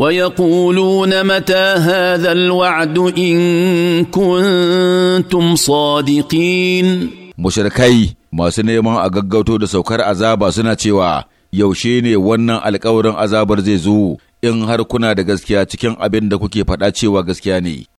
ويقولون متى هذا الوعد إن كنتم صادقين mushrikai masu neman a gaggauto da saukar azaba suna cewa yaushe ne wannan alkawarin azabar zai zo in har kuna da gaskiya cikin abin da kuke faɗa cewa gaskiya ne